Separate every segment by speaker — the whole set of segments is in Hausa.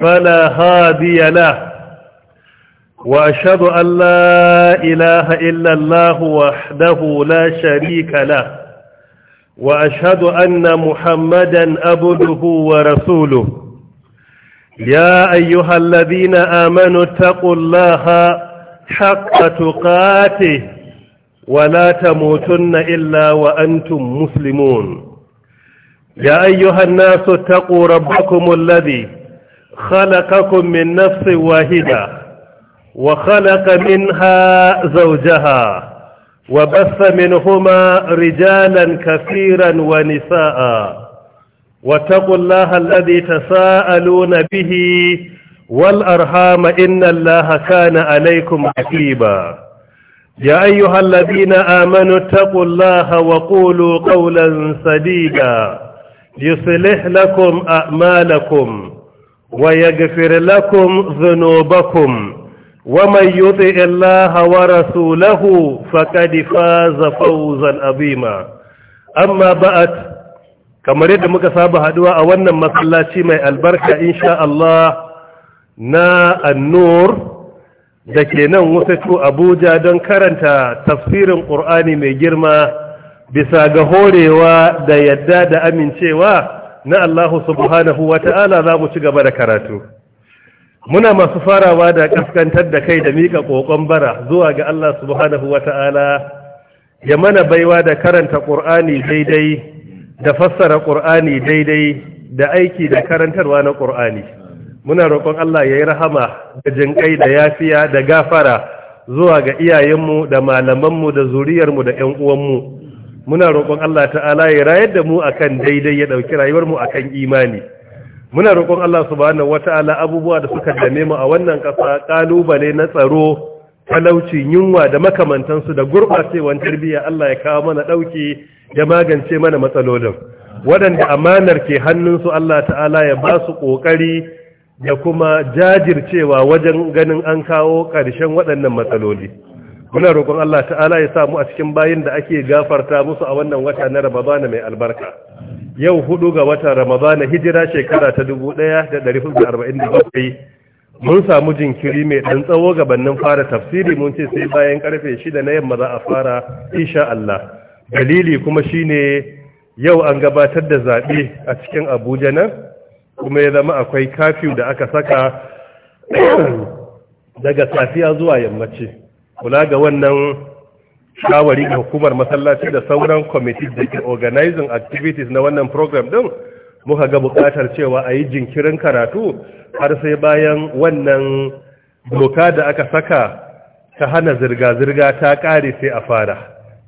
Speaker 1: فلا هادي له وأشهد أن لا إله إلا الله وحده لا شريك له وأشهد أن محمدا أبده ورسوله يا أيها الذين آمنوا اتقوا الله حق تقاته ولا تموتن إلا وأنتم مسلمون يا أيها الناس اتقوا ربكم الذي خلقكم من نفس واحدة وخلق منها زوجها وبث منهما رجالا كثيرا ونساء واتقوا الله الذي تساءلون به والأرحام إن الله كان عليكم حكيبا يا أيها الذين آمنوا اتقوا الله وقولوا قولا سديدا يصلح لكم أعمالكم ويغفر لكم ذنوبكم ومن يطع الله ورسوله فقد فاز فوزا عظيما أما بعد kamar yadda muka saba haɗuwa a wannan masallaci mai albarka insha na annur da ke nan wasatu Abuja don karanta tafsirin Qur'ani mai girma bisa ga horewa da yadda da amincewa na Allahu subhanahu wa ta'ala za mu ci gaba da karatu muna masu farawa da kaskantar da kai da miƙa ƙoƙon bara zuwa ga Allah subhanahu wa ta'ala ya mana baiwa da karanta ƙur'ani daidai da fassara ƙur'ani daidai da aiki da karantarwa na ƙur'ani muna roƙon Allah ya yi rahama da jinƙai da yafiya da gafara zuwa ga iyayenmu da malamanmu da zuriyarmu da 'yan uwanmu muna roƙon Allah ta'ala ya rayar da mu akan daidai ya ɗauki rayuwar mu akan imani muna roƙon Allah su wata wata'ala abubuwa da suka dame mu a wannan ƙasa ƙalubale na tsaro talauci yunwa da makamantansu da gurɓacewar tarbiyya Allah ya kawo mana ɗauki ya magance mana matsalolin waɗanda amanar ke hannunsu Allah ta'ala ya ba su ƙoƙari da kuma jajircewa wajen ganin an kawo ƙarshen waɗannan matsaloli muna roƙon Allah ta'ala ya samu a cikin bayin da ake gafarta musu a wannan wata na Ramadana mai albarka yau hudu ga wata Ramadana hijira shekara ta 1447 mun samu jinkiri mai ɗan tsawo gabanin fara tafsiri mun ce sai bayan karfe shida na yamma za a fara insha Allah dalili kuma shine yau an gabatar da zaɓe a cikin Abuja nan kuma ya zama akwai kafiyu da aka saka daga safiya zuwa yammaci kula ga wannan shawari ga hukumar masallaci da sauran committee da ke organizing activities na wannan program din muka ga buƙatar cewa a yi jinkirin karatu har sai bayan wannan doka da aka saka ta hana zirga-zirga ta ƙare sai a fara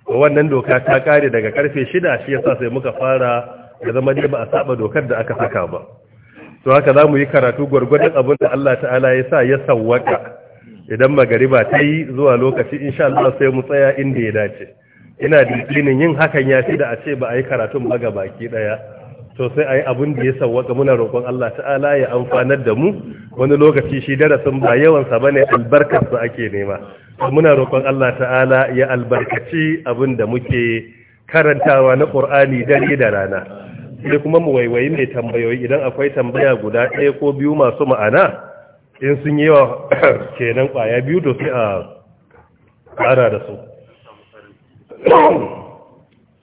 Speaker 1: wannan doka ta ƙare daga karfe shida shi yasa sai muka fara da zama ne ba a saba dokar da aka saka ba to haka za mu yi karatu gwargwadon abin da Allah ta'ala ya sa ya sawwaka idan magariba ta yi zuwa lokaci insha Allah sai mu tsaya inda ya dace ina da yin hakan ya fi da a ce ba a yi karatun ba ga baki daya to sai a yi abin da ya sawwaka muna roƙon Allah ta'ala ya amfanar da mu wani lokaci shi darasin ba yawansa ba ne albarkarsa ake nema muna roƙon Allah ta'ala ya albarkaci abin da muke karantawa na ƙur'ani dare da rana sai kuma mu waiwayi mai tambayoyi idan akwai tambaya guda ɗaya ko biyu masu ma'ana in sun yi wa kenan kwaya biyu to sai a ƙara da su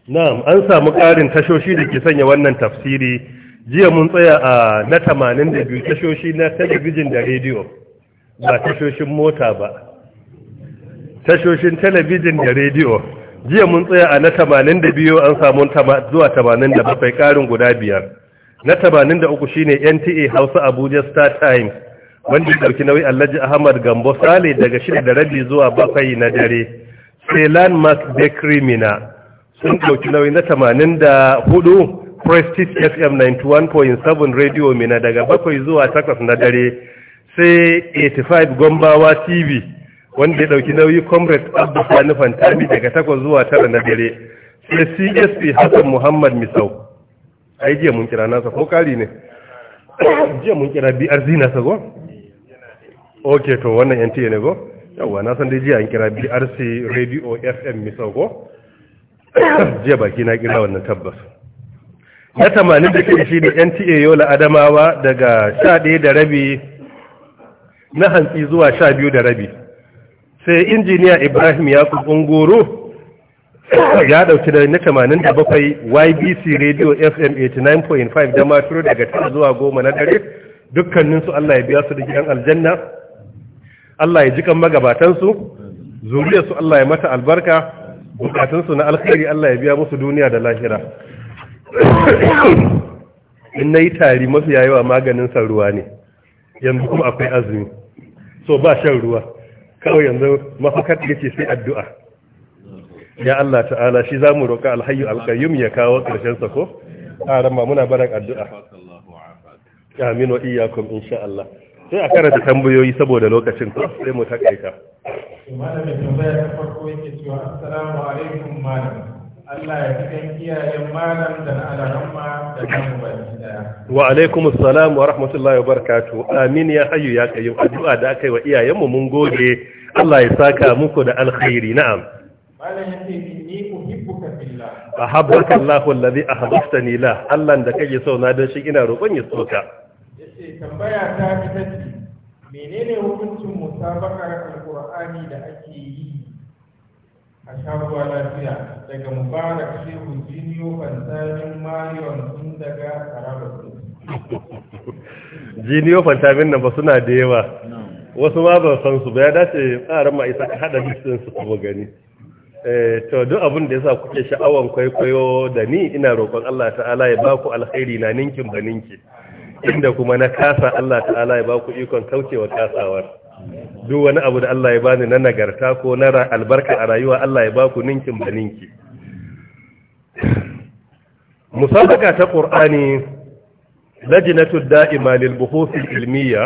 Speaker 1: na'am an samu ƙarin tashoshi da ke sanya wannan tafsiri jiya mun tsaya a na 82 tashoshi na talabijin da rediyo ba tashoshin mota ba tashoshin talabijin da rediyo jiya mun tsaya a na 82 an samu zuwa 87 ƙarin guda biyar na 83 shine NTA Hausa Abuja Star Times wanda ya ɗauki nauyi alhaji ahmad gambo sale daga shida da rabi zuwa bakwai na dare sai landmark bakery mina sun ɗauki nauyi na tamanin da hudu prestige fm 91.7 radio mina daga bakwai zuwa takwas na dare sai 85 gombawa tv wanda ya ɗauki nauyi comrade abdu sani fantami daga takwas zuwa tara na dare sai csp hassan muhammad misau ai jiya mun kira nasa ko kari ne jiya mun kira brz nasa gwamnati ok to wannan nta ne go yawwa na san dai jiya an kira brc radio fm misau sauko jiya baki na kira wannan tabbas na tamanin da ke shi da nta yola adamawa daga sha ɗaya da rabi na hantsi zuwa sha biyu da rabi sai injiniya ibrahim ya ƙunguru ya ɗauki da na tamanin da bakwai ybc radio fm 89.5 da maturo daga tara zuwa goma na dare dukkaninsu allah ya biya su da gidan aljanna Allah ya jikan magabatansu zuriyarsu Allah ya mata albarka bukatunsu na alkhairi Allah ya biya musu duniya da lahira in na yi tari mafi yawa maganin san ruwa ne yanzu kuma akwai azumi so ba shan ruwa kawai yanzu mafakar yake sai addu'a ya Allah ta'ala shi za mu roƙa alhayu alƙayyum ya kawo ƙarshen sa ko a muna barin addu'a amin wa iyakum insha Allah
Speaker 2: sai a karanta tambayoyi
Speaker 1: saboda lokacin ko sai mu takaita
Speaker 2: malamin tambaya ta farko yake cewa assalamu alaikum malam Allah ya cikin iyayen malam da al'amma da kan baki daya
Speaker 1: wa alaikum assalam wa rahmatullahi wa barakatuh amin ya hayyu ya kayyum addu'a da aka yi wa iyayenmu mun goge. Allah ya saka muku da alkhairi na'am
Speaker 2: malam yace ni uhibbuka fillah ahabbaka
Speaker 1: Allahu alladhi ahbabtani la Allah da kake so na dan shi ina roƙon ya soka
Speaker 2: tambaya ta
Speaker 1: ta ce menene hukuncin musabakar alkur'ani da ake yi
Speaker 3: a shabuwa lafiya daga mubarak
Speaker 2: shehu jiniyo fantamin marion tun daga taraba
Speaker 1: jiniyo fantamin nan ba suna da yawa wasu ma ba san su ba ya dace tsarin ma isa hada bisin su kuma gani eh, to duk abin da yasa kuke sha'awan kwaikwayo da ni ina roƙon Allah ta'ala ya baku alkhairi na ninkin ba ninki inda kuma na kasa Allah ta'ala ya ba ku ikon kaucewa kasawar duk wani abu da Allah ya bani na nagarta ko na albarka a rayuwa Allah ya ba ku ninkin ba ninki musabaka ta qur'ani lajnatu da'ima lil buhuth ilmiya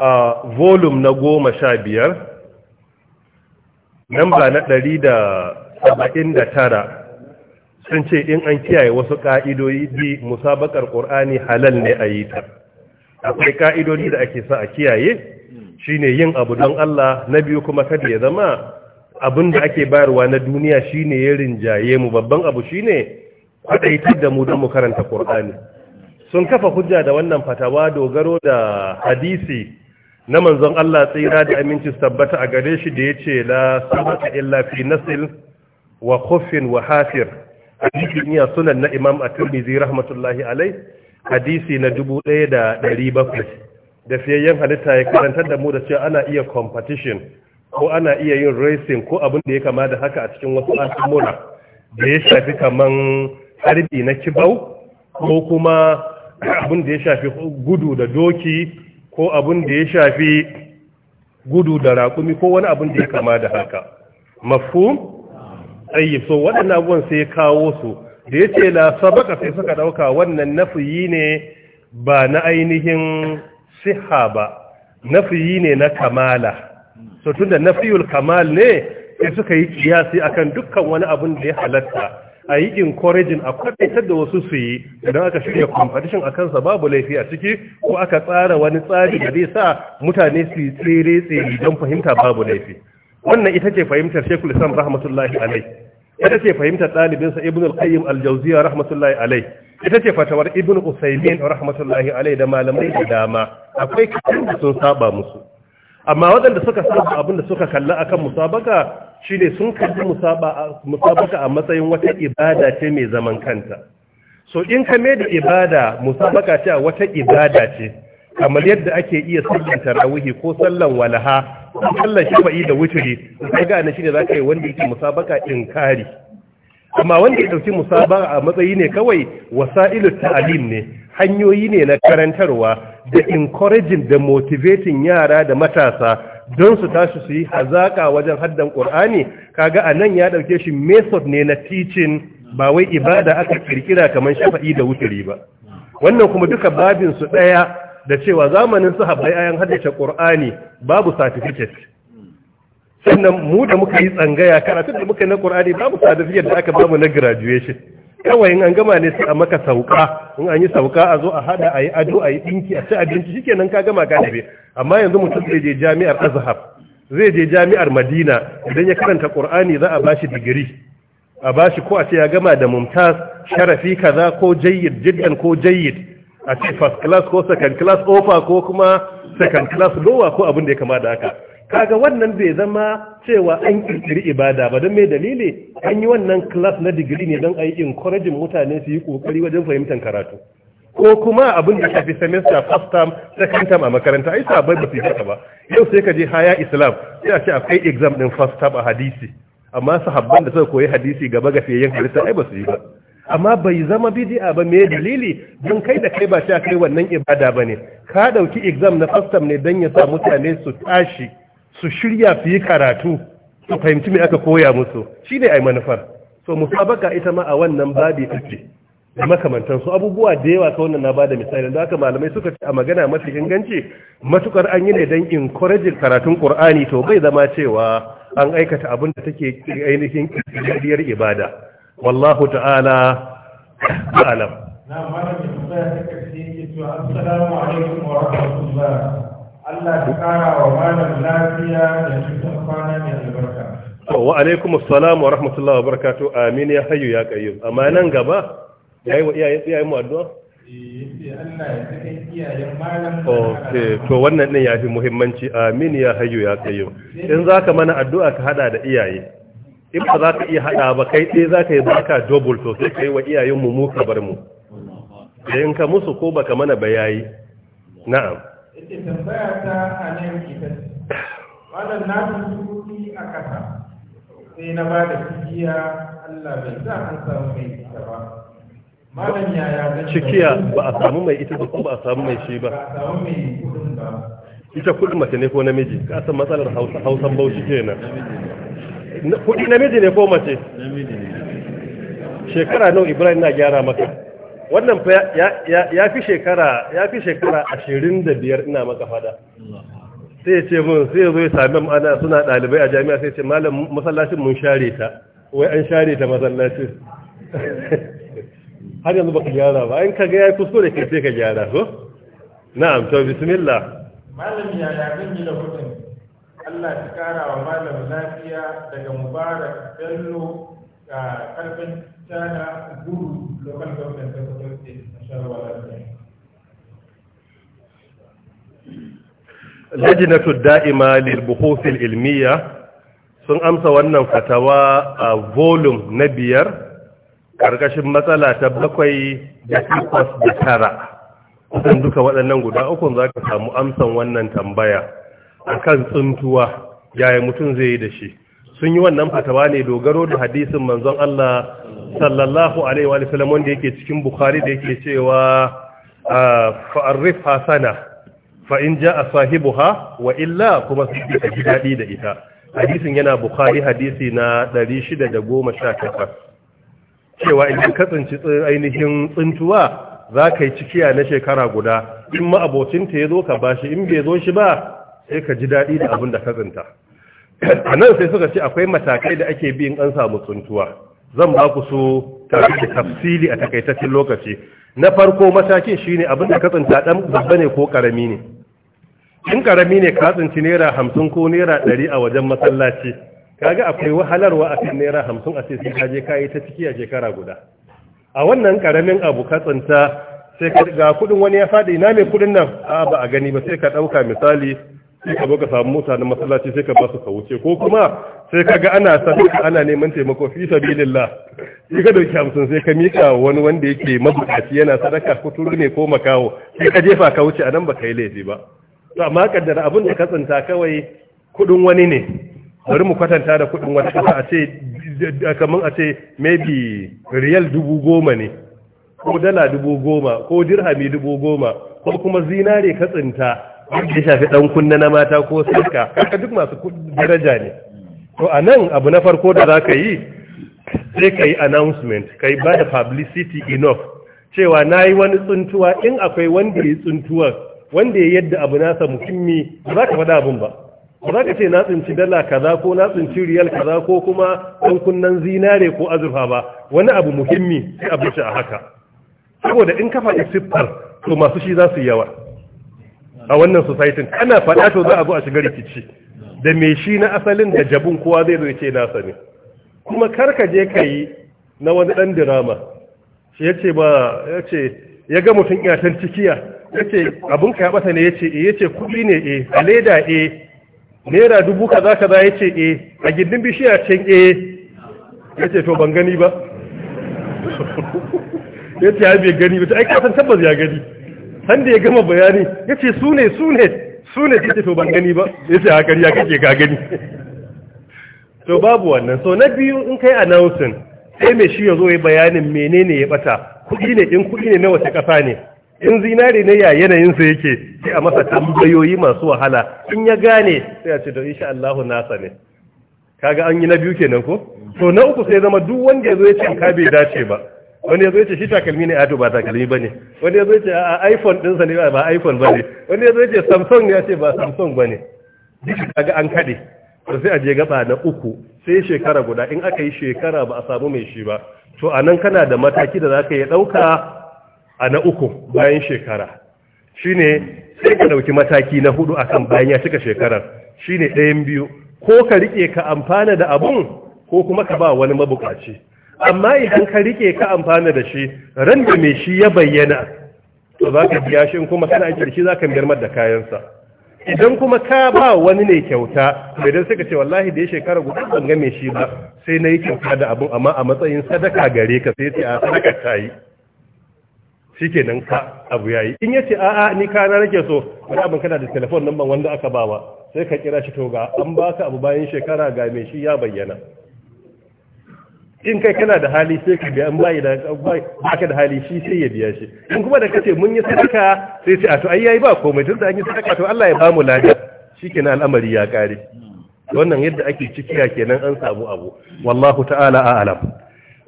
Speaker 1: a volum na goma sha nan namba na ɗari da da saba'in tara. sun ce in an kiyaye wasu ƙa'idodi musabakar ƙur'ani halal ne a yi ta akwai ƙa'idodi da ake sa a kiyaye shi ne yin abu don Allah na biyu kuma kada ya zama abin da ake bayarwa na duniya shi ne ya rinjaye mu babban abu shi ne kwaɗaitar da mu don mu karanta Kur'ani. sun kafa hujja da wannan fatawa dogaro da hadisi na manzon Allah tsira da aminci tabbata a gare shi da ya la sabata illa fi nasil wa khuffin wa hafir hadisi niya sunan na imam a turbizi rahmatullahi alai hadisi na dubu 1700 da bakwai fiyayyen halitta ya karantar da mu da cewa ana iya competition ko ana iya yin racing ko abin da ya kama da haka a cikin wasu al'amura da ya shafi kaman harbi na kibau ko kuma abin da ya shafi gudu da doki ko abin da ya shafi gudu da raƙumi ko wani abin da ya kama da haka mafhum tsayi so waɗannan abubuwan sai ya kawo su da ya ce la sabaka sai suka ɗauka wannan nafiyi ne ba na ainihin siha ba nafiyi ne na kamala so tunda nafiyul kamal ne sai suka yi kiyasi akan dukkan wani abun da ya halatta a yi encouraging a kwatantar da wasu su yi idan aka shirya competition a kansa babu laifi a ciki ko aka tsara wani tsari da zai sa mutane su yi tsere tsere don fahimta babu laifi wannan ita ce fahimtar shekul Islam rahmatullahi alai ita ce fahimtar ɗalibinsa Ibn al-Qayyim al rahmatullahi alai ita ce fatawar Ibn Usaymin rahmatullahi alai da malamai da dama akwai kan da sun saba musu amma waɗanda suka saba abin da suka kalla akan musabaka shine sun kalli musabaka a matsayin wata ibada ce mai zaman kanta so in ka mai da ibada musabaka ce a wata ibada ce kamar yadda ake iya sallan tarawihi ko sallan walaha ko sallan shafa'i da wuturi sai ga ne shine zaka yi wanda yake musabaka inkari amma wanda ya ɗauki musabaka a matsayi ne kawai wasailu ta'alim ne hanyoyi ne na karantarwa da encouraging da motivating yara da matasa don su tashi su yi hazaka wajen haddan Qur'ani kaga anan ya ɗauke shi method ne na teaching ba wai ibada aka kirkira kamar shafa'i da wuturi ba wannan kuma duka babin su daya da cewa zamanin haɓai ayan haddace ƙor'ani babu certificate sannan mu da muka yi tsangaya karatun da muka yi na ƙor'ani babu certificate da aka bamu na graduation kawai in an gama ne su a maka sauka in an yi sauka a zo a hada a yi ado a yi dinki a ci abinci shi kenan ka gama ka dabe amma yanzu mutum zai je jami'ar Azhar zai je jami'ar Madina idan ya karanta ƙor'ani za a bashi digiri a bashi ko a ce ya gama da mumtaz sharafi kaza ko jayyid jiddan ko jayyid a ce first class ko second class offer ko kuma second class lower ko abin da ya kama da haka kaga wannan bai zama cewa an kirkiri ibada ba don mai dalili an yi wannan class na digiri ne don a yi encouraging mutane su yi kokari wajen fahimtar karatu ko kuma abin da shafi semester first term second term a makaranta ai sabai ba su yi ba yau sai ka je haya islam sai a ce akwai exam din first term a hadisi amma sahabban da suka koyi hadisi gaba ga fiyayyen halitta ai ba su yi ba amma bai zama bidi'a ba me dalili don kai da kai ba a kai wannan ibada ba ne ka dauki exam na fastam ne don ya sa mutane su tashi su shirya su yi karatu su fahimci me aka koya musu shi ne ai manufar so musabaka ita ma a wannan babi take da makamantansu abubuwa da yawa ta wannan na ba da misali da haka malamai suka ce a magana mafi inganci matukar an yi ne don encouraging karatun qur'ani to bai zama cewa an aikata abin da take ainihin ibada wallahu ta'ala أعلم na wa Allah wa alaikum assalam wa rahmatullahi wa barakatuh. Amin ya hayyu ya qayyum. Amma nan gaba yayi wa iyaye iyayen mu addu'a? Eh, to wannan din yafi muhimmanci. Amin ya hayyu ya qayyum. In zaka mana addu'a ka hada da iyaye. in ba za ka iya haɗa ba kai tsaye, za ka yi baka dubul to sai ka yi wa iyayenmu mu ka bar mu da in ka musu ko baka mana bayayi na'am
Speaker 2: ita tambaya ta a nan ita wannan na tuntuɓi a ƙasa sai na ba da cikiya Allah bai sa an samu mai ita ba malam yaya zan cikiya ba a samu mai ita ba ko ba a samu mai shi ba ba a samu
Speaker 1: mai kudin ba ita kudin mace ne ko namiji ka san matsalar hausan bauchi kenan kudi namiji ne ko mace shekara nau ibrahim na gyara maka wannan ya fi shekara ya fi shekara ashirin da biyar ina maka fada sai ce mun sai zo ya sami ana suna ɗalibai a jami'a sai ce malam masallacin mun share ta wai an share ta masallacin har yanzu baka gyara ba an ka ga yayi kuskure ke sai ka gyara ko na'am to bismillah
Speaker 2: malam ya ya zan yi da Allah ya kara wa malam lafiya daga Mubarak Bello ga karfin tana guru local government da kuma state mashallah lafiya.
Speaker 1: لجنة الدائمة للبحوث Ilmiya sun amsa wannan fatawa a volume na biyar ƙarƙashin matsala ta bakwai da takwas da tara kusan duka waɗannan guda ukun za ka samu amsan wannan tambaya a kan tsuntuwa yaya mutum zai yi da shi sun yi wannan fatawa ne dogaro da hadisin manzon Allah sallallahu alaihi wa sallam wanda yake cikin bukhari da yake cewa ah, fa'arrif sana fa in ja'a sahibuha wa illa kuma sai ka ji dadi da ita hadisin yana bukhari hadisi na 618 cewa idan ka tsinci ainihin tsintuwa za ka yi cikiya na shekara guda in ma ta ya zo ka bashi in bai zo shi ba sai ka ji daɗi da abin da ka tsinta a nan sai suka ce akwai matakai da ake bi in an samu tsuntuwa zan ba ku so tafi da tafsili a takaitaccen lokaci na farko matakin shine abin da ka tsinta dan babba ne ko ƙarami ne in ƙarami ne ka tsinci naira hamsin ko naira ɗari a wajen masallaci kaga akwai wahalarwa a kan naira hamsin a cikin sai ka yi ta ciki a shekara guda a wannan ƙaramin abu ka tsinta sai ga kuɗin wani ya faɗi na mai kuɗin nan a ba a gani ba sai ka ɗauka misali sai ka zo ka samu mutanen masallaci sai ka ba su ka wuce ko kuma sai ka ga ana sadaka ana neman taimako fi sabilillah sai ka dauki hamsin sai ka mika wani wanda yake mabukaci yana sadaka turu ne ko makawo sai ka jefa ka wuce nan ba yi laifi ba to amma kaddara abin da ka tsinta kawai kudin wani ne bari mu kwatanta da kudin wata kasa a ce kamar a ce maybe riyal dubu goma ne ko dala dubu goma ko dirhami dubu goma ko kuma zinare ka tsinta ya shafi ɗan kunna na mata ko sarka kaka duk masu daraja ne to a nan abu na farko da za ka yi sai ka yi announcement ka yi ba da publicity enough cewa na yi wani tsuntuwa in akwai wanda ya tsuntuwa wanda ya yadda abu nasa muhimmi ba za ka faɗa abin ba ba za ka ce na tsinci dala kaza ko na tsinci riyal kaza ko kuma ɗan kunnan zinare ko azurfa ba wani abu muhimmi sai a bushe a haka saboda in kafa faɗi siffar to masu shi za su yi yawa a wannan society kana faɗa to za a zo a shiga rikici da me shi na asalin da jabun kowa zai zo ce nasa ne kuma karka je ka yi na wani ɗan dirama shi ya ce ba ya ya ga mutum san cikiya ya ce ka ya ɓata ne ya ce eh, ya ce ne e a leda e naira dubu kaza kaza ya ce e a gindin bishiya can e ya ce to ban gani ba ya ce ya bai gani ba ai ka san tabbas ya gani sanda ya gama bayani ya ce su ne su ne ce to ban gani ba ya ce haka ya kake ka gani to babu wannan so na biyu in kai announcing sai mai shi ya zo ya bayanin menene ya bata kuɗi ne in kuɗi ne na wace ƙasa ne in zinare ne ya yanayinsa yake sai a masa tambayoyi masu wahala in ya gane sai a ce da insha Allah nasa ne kaga an yi na biyu kenan ko to na uku sai zama duk wanda ya zo ya ce ka bai dace ba wani ya zo ce shi takalmi ne ato ba takalmi ba ne wani ya zo ce a iphone ɗinsa ne ba iphone ba ne wani ya zo ce samsung ya ce ba samsung ba ne duk kaga an kaɗe to sai a je gaba na uku sai shekara guda in aka yi shekara ba a samu mai shi ba to a nan kana da mataki da za ka yi ɗauka a na uku bayan shekara shine sai ka ɗauki mataki na hudu akan bayan ya cika shekarar shine ɗayan biyu ko ka riƙe ka amfana da abun ko kuma ka ba wani mabukaci amma idan ka rike ka amfana da shi ran da mai shi ya bayyana to za ka biya shi kuma kana aiki da shi za ka biyar da kayansa idan kuma ka ba wani ne kyauta mai dan suka ce wallahi da ya shekara guda ban ga mai shi ba sai na yi kyauta da abun amma a matsayin sadaka gare ka sai ce a sadaka ta yi shi nan ka abu ya yi in ya ce a'a ni ka na rake so wani abin kana da telefon nan ban wanda aka bawa sai ka kira shi to ga an baka abu bayan shekara ga mai shi ya bayyana in kai kana da hali sai ka biya an bayi da baka da hali shi sai ya biya shi in kuma da kace mun yi sadaka sai sai a to ai yayi ba komai tunda an yi sadaka to Allah ya bamu lada shikenan al'amari ya kare wannan yadda ake cikiya kenan an samu abu wallahu ta'ala a'lam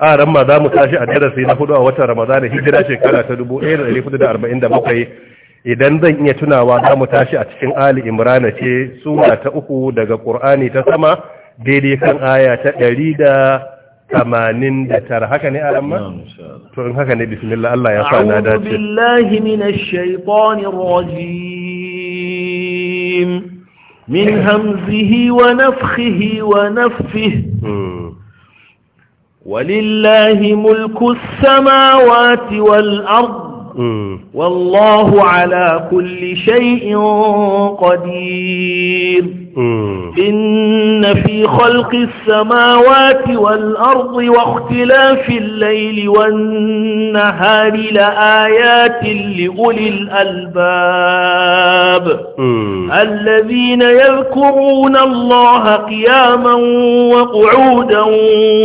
Speaker 1: a ran za mu tashi a darasi na hudu a watan ramadana hijira shekara ta 1447 idan zan iya tunawa za mu tashi a cikin ali imrana ce sura ta uku daga qur'ani ta sama daidai kan aya ta نعم، أعوذ
Speaker 3: بالله من الشيطان الرجيم من نعم. همزه ونفخه ونفه ولله ملك السماوات والأرض والله على كل شيء قدير إن في خلق السماوات والأرض واختلاف الليل والنهار لآيات لأولي الألباب الذين يذكرون الله قياما وقعودا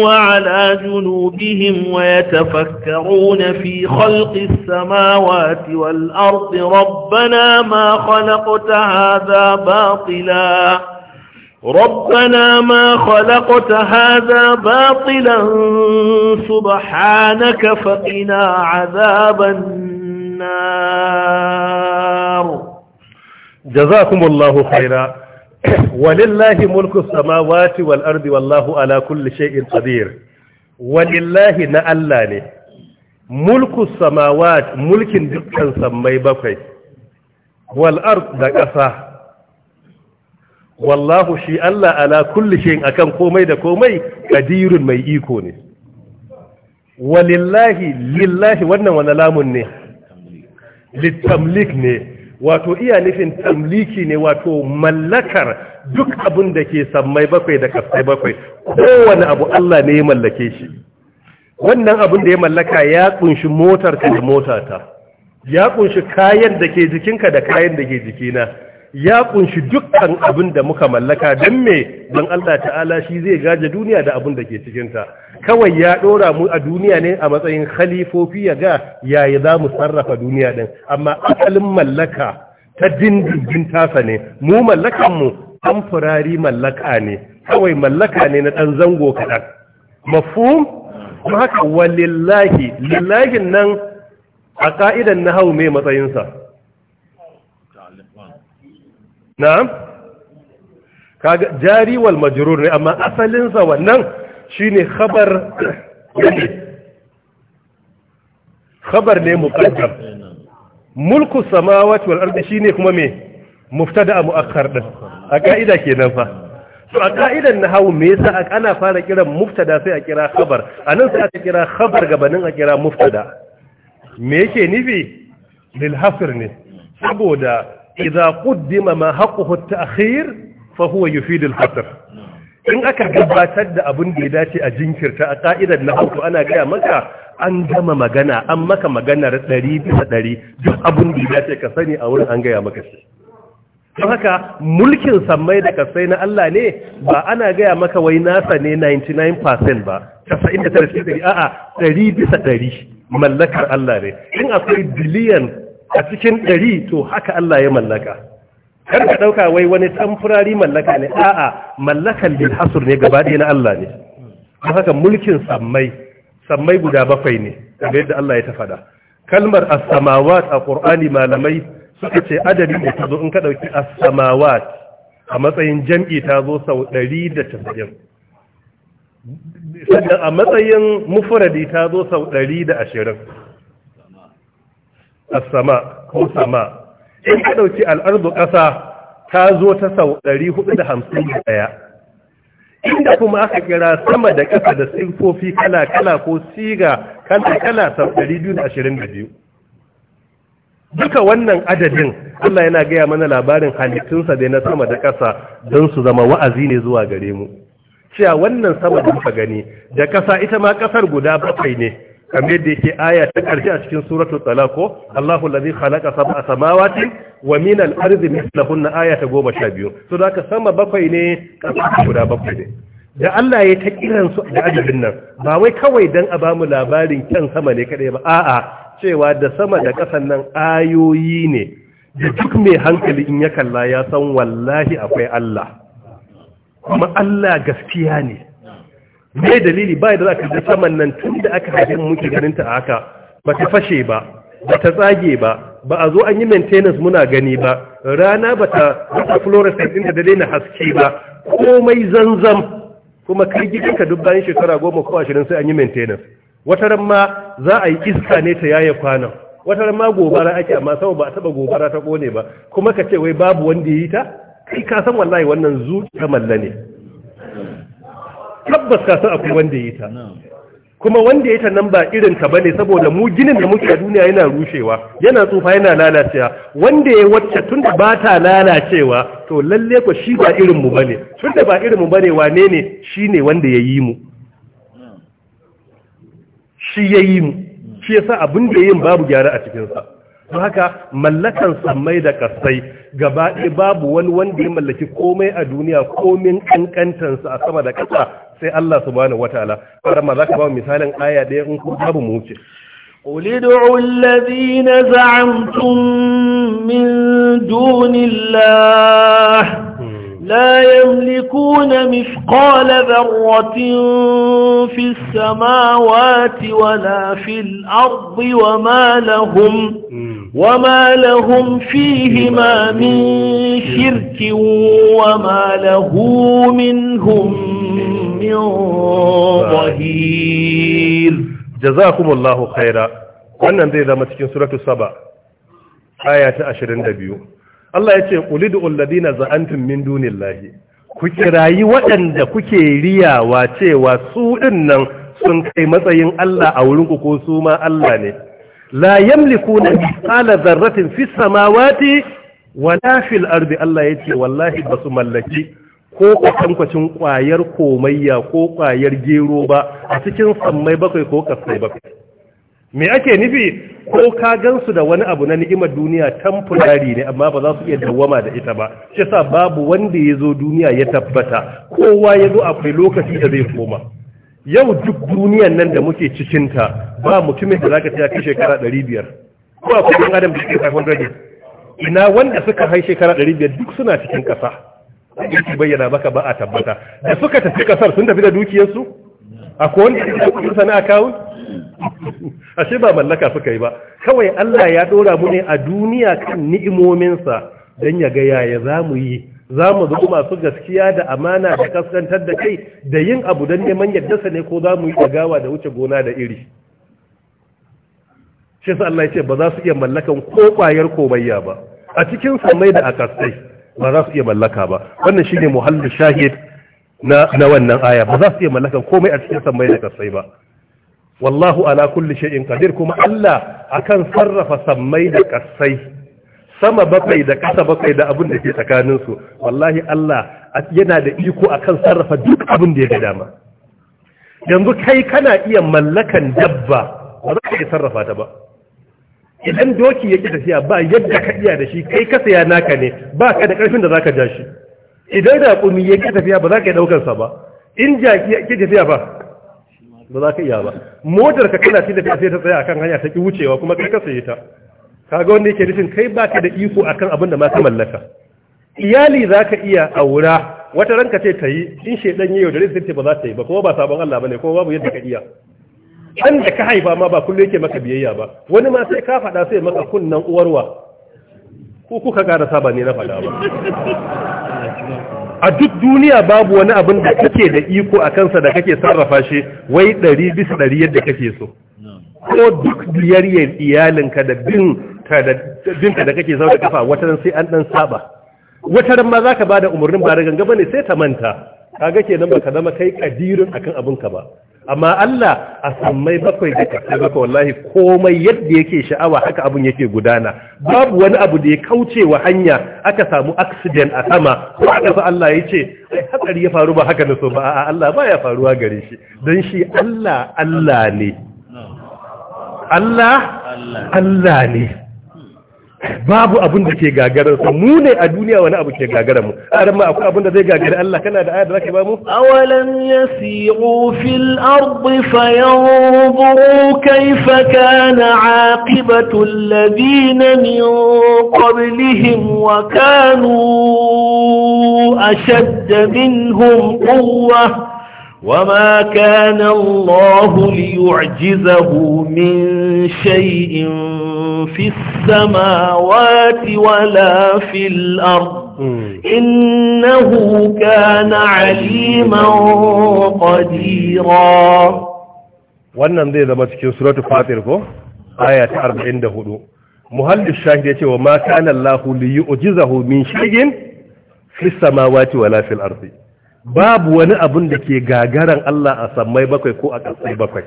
Speaker 3: وعلى جنوبهم ويتفكرون في خلق السماوات والأرض ربنا ما خلقت هذا باطلا ربنا ما خلقت هذا باطلا سبحانك فقنا عذاب النار
Speaker 1: جزاكم الله خيرا
Speaker 3: ولله ملك
Speaker 1: السماوات والأرض والله على كل شيء قدير ولله نألاني ملك السماوات ملك دقا سمي بقي والأرض دكا wallahu shi Allah ala kulli shay'in akan komai da komai kadirun mai iko ne walillahi lillahi wannan wani lamun ne litamlik ne wato iya nufin tamliki ne wato mallakar duk abin da ke sammai bakwai da kasai bakwai kowane abu Allah ne ya mallake shi wannan abin da ya mallaka ya kunshi motarka da motata ya kunshi kayan da ke jikinka da kayan da ke jikina ya kunshi dukkan abin da muka mallaka don me don Allah ta'ala shi zai gaje duniya da abin da ke cikinta kawai ya ɗora mu a duniya ne a matsayin khalifofi ya ga yayi za mu sarrafa duniya din? amma asalin mallaka ta dindindin tasa ne mu mu an furari mallaka ne kawai mallaka ne na ɗan zango kaɗan mafhum kuma haka walillahi lillahin nan a ka'idan na hau mai matsayinsa Na kaga jari wal majrur ne amma asalin sa wannan shine khabar khabar ne muqaddam mulku samawati wal ardi shine kuma me mubtada muakkar din a ka'ida kenan fa to a ka'idan nahawu me yasa ana fara kiran mubtada sai a kira khabar anan sai a kira khabar gabanin a kira mubtada me yake nufi lil hasr ne saboda idza quddima ma haqquhu at-ta'khir fa huwa yufid al qasr in aka gabatar da abin da ya dace a jinkirta a ka'idar na hauto ana gaya maka an gama magana an maka maganar ɗari bisa ɗari duk abin da ya dace ka sani a wurin an gaya maka shi don haka mulkin sammai da kasai na Allah ne ba ana gaya maka wai nasa ne 99% ba ɗari, a'a ɗari bisa ɗari, mallakar Allah ne in akwai biliyan a cikin ɗari to haka Allah ya mallaka kar ka ɗauka wai wani tamfurari mallaka ne a'a mallakan bin hasur ne gaba ɗaya na Allah ne don haka mulkin sammai sammai guda bakwai ne daga yadda Allah ya ta faɗa kalmar as a ƙur'ani malamai suka ce adadin ta zo in ka ɗauki as-samawat a matsayin jam'i ta zo sau ɗari casa'in. sannan a matsayin mufuradi ta zo sau ɗari da ashirin. as-sama ko sama in ka dauki al ƙasa ta zo ta sau 451 inda kuma aka kira sama da ƙasa da sifofi kala-kala ko siga kala-kala sau 222 duka wannan adadin Allah yana gaya mana labarin halittunsa da na sama da ƙasa don su zama wa'azi ne zuwa gare mu cewa wannan sama da muka gani da ƙasa ita ma ƙasar guda bakwai ne kamar yadda yake aya ta ƙarshe a cikin suratul talaq Allahu allazi khalaqa sab'a samawati wa min al-ardi mithlahunna aya ta 12 to da ka sama bakwai ne ƙasa guda bakwai ne da Allah ya ta kiran su da ajabin nan ba wai kawai dan a bamu labarin kyan sama ne kadai ba a'a cewa da sama da kasan nan ayoyi ne da duk mai hankali in ya kalla ya san wallahi akwai Allah kuma Allah gaskiya ne me dalili ba da za ka ji saman nan tun da aka haife mu muke ganin ta haka ba ta fashe ba ba ta tsage ba ba a zo an yi maintenance muna gani ba rana ba ta wata fluorescent inda da daina haske ba komai zanzam kuma kai gidanka duk bayan shekara goma ko ashirin sai an yi maintenance wata ran ma za a yi iska ne ta yaye kwana. wata ran ma gobara ake amma sama ba a taba gobara ta kone ba kuma ka ce wai babu wanda ya yi ta kai ka san wallahi wannan zuciya, malla ne tabbas ka san akwai wanda ya ta kuma wanda ya ta nan ba irin ta bane saboda mu ginin da muke a duniya yana rushewa yana tsufa yana lalacewa wanda ya wacce tun da ba ta lalacewa to lalle ko shi ba irin mu bane tun da ba irin mu bane wane ne shine wanda ya yi mu shi ya yi mu shi yasa abin da yin babu gyara a cikin sa don haka mallakan samai da kasai gaba ɗaya babu wani wanda ya mallaki komai a duniya komin kankantansa a sama da ƙasa sai Allah subhanahu wataala fara ma zaka ba misalin aya ɗaya in ku babu mu
Speaker 3: wuce قل ادعوا الذين زعمتم من دون الله لا يملكون مثقال ذرة في السماوات ولا في الأرض وما لهم وما لهم فيهما من شرك وما له منهم من ظهير
Speaker 1: جزاكم الله خيرا أنا zai zama cikin سورة السبع آية ta دبيو Allah ya ce ulidu alladina za'antum min dunillahi ku kirayi waɗanda kuke riyawa cewa su nan sun kai matsayin Allah a wurinku ko su ma Allah ne la na mithqala zarratin fissa samawati wala fil ardi Allah ya ce wallahi ba su mallaki ko kwatankwacin kwayar komayya ko kwayar gero ba a cikin sammai bakwai ko kasai bakwai me ake nufi ko ka gansu da wani abu na ni'imar duniya tamfurari ne amma ba za su iya dawwama da ita ba shi sa babu wanda ya zo duniya ya tabbata kowa ya zo akwai lokaci da zai koma yau duk duniyan nan da muke cikinta ba mutumin da zaka ta kai shekara 500 ko akwai ɗan adam da ke 500 ina wanda suka hai shekara 500 duk suna cikin ƙasa ki bayyana maka ba a tabbata da suka tafi ƙasar sun tafi da dukiyarsu akwai wanda ya tafi na akawun? ashe ba mallaka suka yi ba kawai Allah ya dora mu ne a duniya kan ni'imominsa don ya ga yaya za mu yi za mu masu gaskiya da amana da kaskantar da kai da yin abu don neman yadda ne ko za mu yi dagawa da wuce gona da iri shi sa Allah ya ce ba za su iya mallakan ko kwayar komayya ba a cikin samai da akastai ba za su iya mallaka ba wannan shine muhallin shahid na wannan aya ba za su iya mallakan komai a cikin samai da akastai ba wallahu ala kulli shay'in qadir kuma Allah akan sarrafa sammai da kasai sama bakwai da kasa bakwai da abin da ke tsakanin su wallahi Allah yana da iko akan sarrafa duk abin da ya ga dama yanzu kai kana iya mallakan dabba ba za ka iya sarrafa ta ba idan doki yake tafiya ba yadda ka iya da shi kai ka saya naka ne ba ka da karfin da zaka ja shi idan raƙumi yake tafiya ba za ka iya daukar sa ba in jaki yake tafiya ba ba za ka iya ba motar ka kana ci da sai ta tsaya akan hanya ta ki wucewa kuma kai ka saye ta kaga wanda yake nufin kai baka da iko akan abin da ma ka mallaka iyali za ka iya a aura wata ranka ce ta yi in shaidan yi rai zai ce ba za ta yi ba kuma ba sabon Allah bane kuma babu yadda ka iya an da ka haifa ma ba kullum yake maka biyayya ba wani ma sai ka faɗa sai maka kunnan uwarwa ko kuka gara saba ne na faɗa ba a duk duniya babu wani abin da kake da iko a kansa da kake sarrafa shi wai ɗari bisa ɗari yadda kake so ko duk biyayyar iyalinka da binka da kake zaune kafa wataran sai an ɗan saba wataran ma za ka ba da umarnin ba da ganga ba ne sai ta manta ka kaga kenan ka zama kai kadirin akan abinka ba amma Allah a sammai bakwai da kafin baka, wallahi komai yadda yake sha'awa haka abun yake gudana babu wani abu da ya kauce wa hanya aka samu accident a sama ko aka fa Allah ya ce ai hatsari ya faru ba haka na so ba a'a Allah ba ya faruwa gare shi don shi Allah Allah ne
Speaker 2: Allah Allah
Speaker 1: ne babu abin da ke gagarar sa mu ne a duniya wani abu ke gagarar mu
Speaker 3: a ran ma akwai abin da zai gagari Allah kana da ayar da zaka ba mu awalam yasiru fil ard fayanzuru kayfa kana aqibatu alladhina min qablihim wa kanu ashadda minhum quwwah وما كان الله ليعجزه من شيء في السماوات ولا في الأرض إنه كان عليما قديرا
Speaker 1: wannan zai zama cikin suratul fatir ko aya ta 44 muhallin shahid yace wa ma kana Allahu li yu'jizahu min shay'in fis samawati wala fil ardi babu wani abun da ke gagaran Allah a sammai bakwai ko a ƙasai bakwai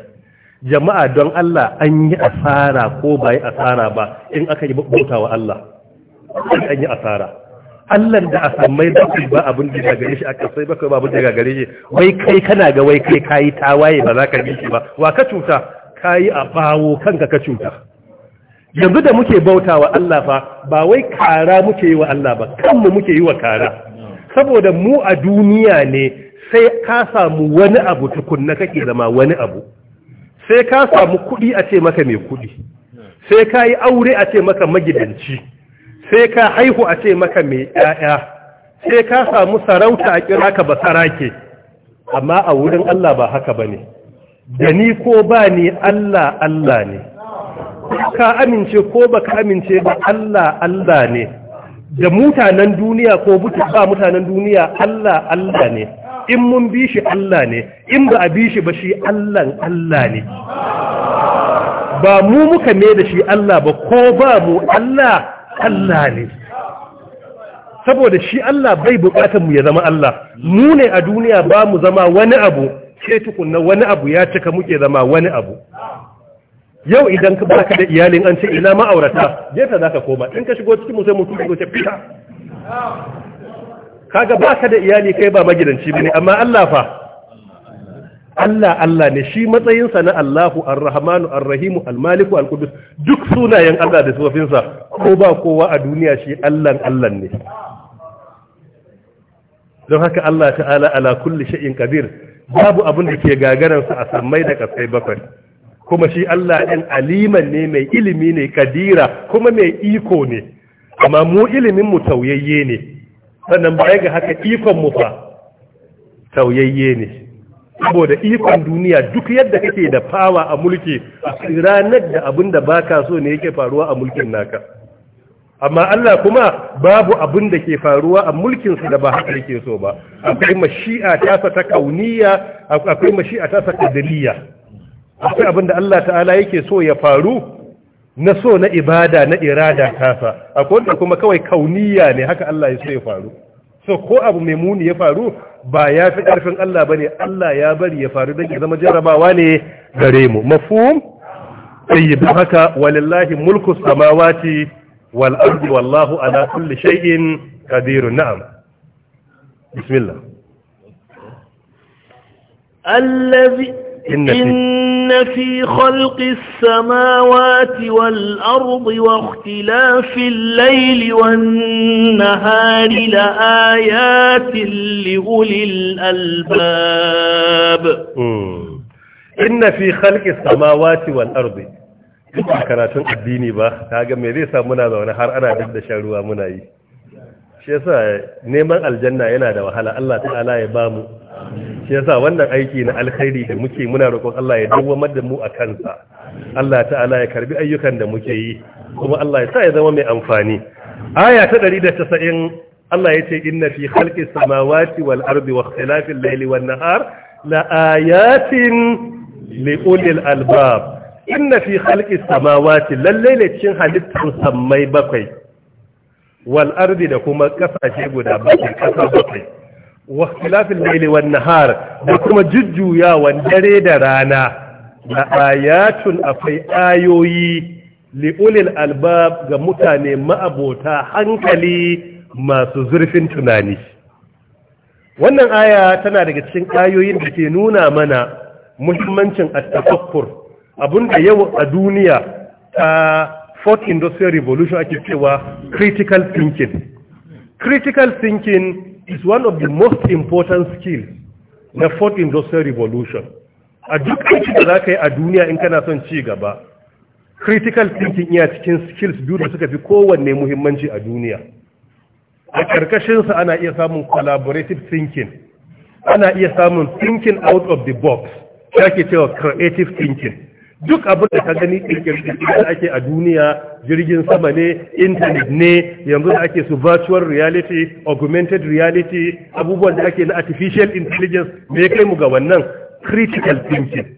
Speaker 1: jama'a don Allah an yi asara ko ba yi asara ba in aka yi bauta wa Allah an yi asara Allah da a sammai da su ba abin da gare shi aka sai baka ba abin da gare shi wai kai kana ga wai kai kayi tawaye ba za ka yi shi ba wa ka cuta kayi a bawo kanka ka cuta yanzu da muke bauta wa Allah fa ba wai kara muke yi wa Allah ba kanmu muke yi wa kara saboda mu a duniya ne sai ka samu wani abu tukunna kake zama wani abu sai ka samu kuɗi a ce maka mai kuɗi sai ka yi aure a ce maka magidanci sai ka haihu a ce maka mai ƴaƴa sai ka samu sarauta a kira ka ba sarake amma a wurin Allah ba haka bane da ni ko ba ni Allah Allah ne ka amince ko baka amince ba Allah Allah ne da mutanen duniya ko ba mutanen duniya Allah Allah ne in mun bi shi Allah ne in ba a bi shi ba shi Allahn Allah ne ba mu muka ne da shi Allah ba ko ba mu Allah Allah ne saboda shi Allah bai bukatar mu ya zama Allah mu ne a duniya ba mu zama wani abu ke tukunna wani abu ya cika muke zama wani abu yau idan ka baka da iyalin an ce ina ma'aurata za ka koma in ka shigo cikin mu sai mutum ce fita kaga baka da iyali kai ba magidanci bane amma Allah fa Allah Allah ne shi matsayin sa na Allahu Ar-Rahmanu Ar-Rahimu Al-Maliku Al-Qudus duk sunayen Allah da sa ko ba kowa a duniya shi Allah Allah ne don haka Allah ta'ala ala kulli shay'in kabir babu abin da ke sa a samai da kasai bakwai kuma shi Allah ɗin aliman ne mai ilimi ne kadira kuma mai iko ne amma mu ilimin mu tauyayye ne sannan ba ga haka ikon mu fa tauyayye ne saboda ikon duniya duk yadda kake da fawa a mulki ranar da abin da baka so ne yake faruwa a mulkin naka amma Allah kuma babu abin da ke faruwa a mulkin sa da ba haka yake so ba akwai mashi'a sa ta kauniya akwai mashi'a sa ta daliya akwai abin da Allah ta'ala yake so ya faru na so na ibada na irada tasa akwai wanda kuma kawai kauniya ne haka Allah ya so ya faru so ko abu mai muni ya faru ba ya fi ƙarfin Allah ne Allah ya bari ya faru don ya zama jarrabawa ne gare mu mafhum tayyib haka walillahi mulku samawati wal ardi wallahu ala kulli shay'in qadir na'am bismillah
Speaker 3: allazi إن في خلق السماوات والأرض واختلاف الليل والنهار لآيات لأولي الألباب
Speaker 1: إن في خلق السماوات والأرض ba karatun addini ba kaga me zai sa muna zaune har ana duk da shan ruwa muna yi shi yasa neman aljanna yana da wahala Allah ta'ala ya bamu shi yasa wannan aiki na alkhairi da muke muna roƙon Allah ya dawwamar da mu a kansa Allah ta'ala ya karbi ayyukan da muke yi kuma Allah ya sa ya zama mai amfani aya ta 190 Allah ya ce inna fi khalqis samawati wal ardi wa ikhtilafil layli wan nahar la ayatin li ulil albab inna fi khalqis samawati lalle cikin halittar sammai bakwai wal ardi da kuma kasashe guda bakwai kasa bakwai wa khilafil layli nahar da kuma jujjuyawan dare da rana la ayatun akwai ayoyi li'u'lil alba albab ga mutane ma'abota hankali masu zurfin tunani wannan aya tana daga cikin ayoyin da ke nuna mana muhimmancin at-tafakkur abinda yau a duniya ta fourth industrial revolution ake cewa critical thinking critical thinking is one of the most important skills na fourth industrial revolution a duk aiki da za ka yi a duniya in kana son ci gaba critical thinking iya cikin skills biyu da suka fi kowanne muhimmanci a duniya a ƙarƙashinsa ana iya samun collaborative thinking ana iya samun thinking out of the box ya cewa creative thinking duk abin da ka gani da ake a duniya jirgin sama ne intanet ne yanzu da ake su virtual reality augmented reality abubuwan da ake na artificial intelligence me kai mu ga wannan critical thinking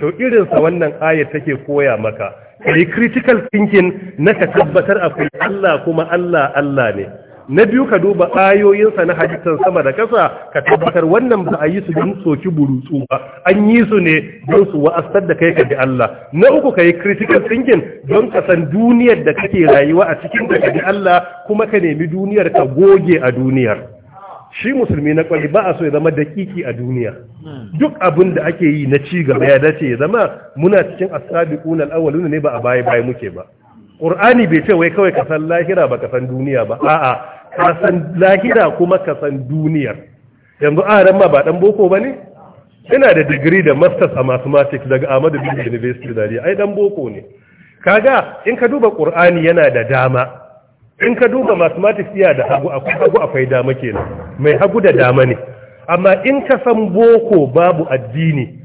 Speaker 1: to irinsa wannan ayar take koya maka kai critical thinking na ka tabbatar akwai Allah kuma Allah Allah ne na biyu ka duba ayoyinsa na hajjitan sama da kasa ka tabbatar wannan ba a yi su don soki burutsu ba an yi su ne don su wa'asar da kai ka bi Allah na uku ka yi critical thinking don ka san duniyar da kake rayuwa a cikin da ka bi Allah kuma ka nemi duniyar ka goge a duniyar shi musulmi na kwari ba a so ya zama kiki a duniya duk abin da ake yi na ci gaba ya dace ya zama muna cikin asabiquna al ne ba a baya baya muke ba ƙur'ani bai ce wai kawai ka san lahira ba ka san duniya ba a'a ka san lahira kuma ka san duniyar yanzu aran ma ba dan boko ba ne ina da digiri da masters a mathematics daga Ahmadu Bello University Zaria ai dan boko ne kaga in ka duba ƙur'ani yana da dama in ka duba mathematics iya da hagu akwai hagu akwai dama kenan mai hagu da dama ne amma in ka san boko babu addini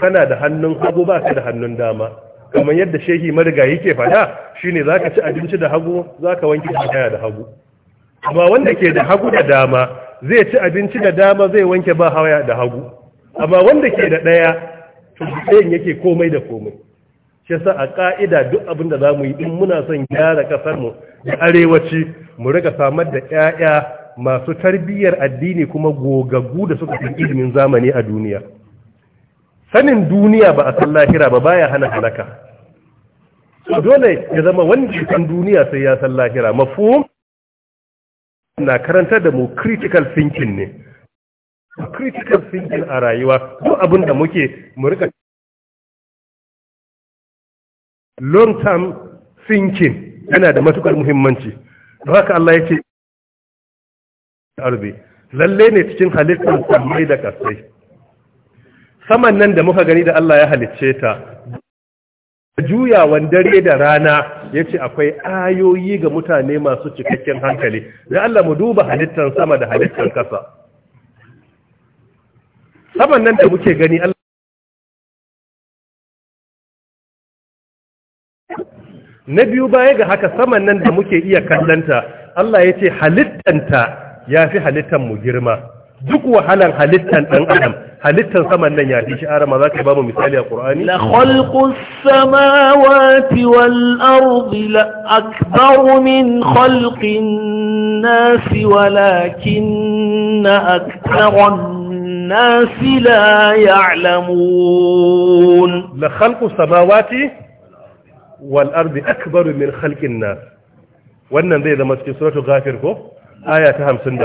Speaker 1: kana da hannun hagu ba ka da hannun dama kamar yadda shehi marga yake fada shine zaka ci abinci da hagu zaka wanke haya da hagu amma wanda ke da hagu da dama zai ci abinci da dama zai wanke ba hawaya da hagu amma wanda ke da ɗaya, to ɗayan yake komai da komai shi sa a ka'ida duk abin da za mu yi in muna son gyara kasar mu da arewaci mu rika samar da ƴaƴa masu tarbiyyar addini kuma gogaggu da suka fi ilimin zamani a duniya sanin duniya ba a san lahira ba baya hana halaka dole ya zama wanda kan duniya sai ya san lahira mafhum
Speaker 2: na karanta da mu critical thinking ne critical thinking a rayuwa duk abin da muke mu rika long term thinking yana da matukar muhimmanci don haka Allah yake arbi lalle ne cikin halittar samai da kasai saman nan da muka gani da Allah ya halicce ta
Speaker 1: juyawan dare da rana ya ce akwai ayoyi ga mutane masu cikakken hankali
Speaker 2: da Allah mu duba halittar sama da halittar kasa saman nan da muke gani Allah na biyu baya ga haka saman nan da muke iya kallanta Allah ya
Speaker 1: ce halittanta ya fi halittar mu girma duk wahalan halittar ɗan adam halittar saman nan ya fi shi arama za ka ba misali a ƙur'ani la khalqus
Speaker 3: samawati wal ardi la akbar min khalqin nas walakin la الناس لا يعلمون لخلق السماوات
Speaker 1: والأرض أكبر من خلق الناس wannan zai zama cikin suratu ghafir ko aya ta 57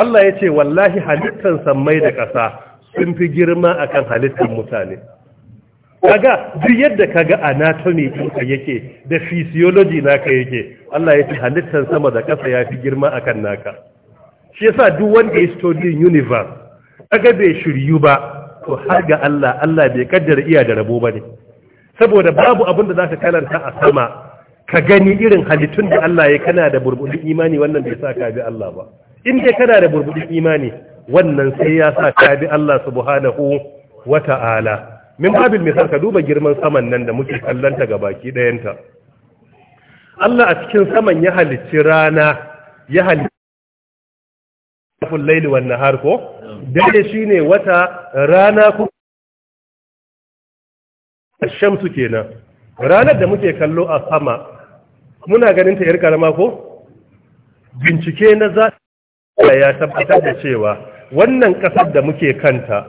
Speaker 1: Allah ya ce wallahi halittan samai da ƙasa sun fi girma akan halittar mutane kaga duk yadda kaga anatomy ɗinka yake da physiology naka yake Allah ya ce halittar sama da ƙasa ya fi girma a kan naka shi yasa duk wanda ya studi universe kaga bai shiryu ba to har ga Allah Allah bai kaddara iya da rabo ne. saboda babu abin da za ka kalanta a sama ka gani irin halittun da Allah ya kana da burbudin imani wannan bai sa ka bi Allah ba in dai kana da burbudin imani wannan sai ya sa ka bi Allah subhanahu ta'ala. min babil misal ka duba girman saman nan da muke kallanta ga baki ɗayanta. Allah a cikin saman ya halicci rana
Speaker 2: ya halicci laili wannan har ko dare shine wata rana ku shamsu kenan ranar da muke kallo a sama muna ganin ta yar karama ko
Speaker 1: bincike na za ya tabbatar da cewa wannan ƙasar da muke kanta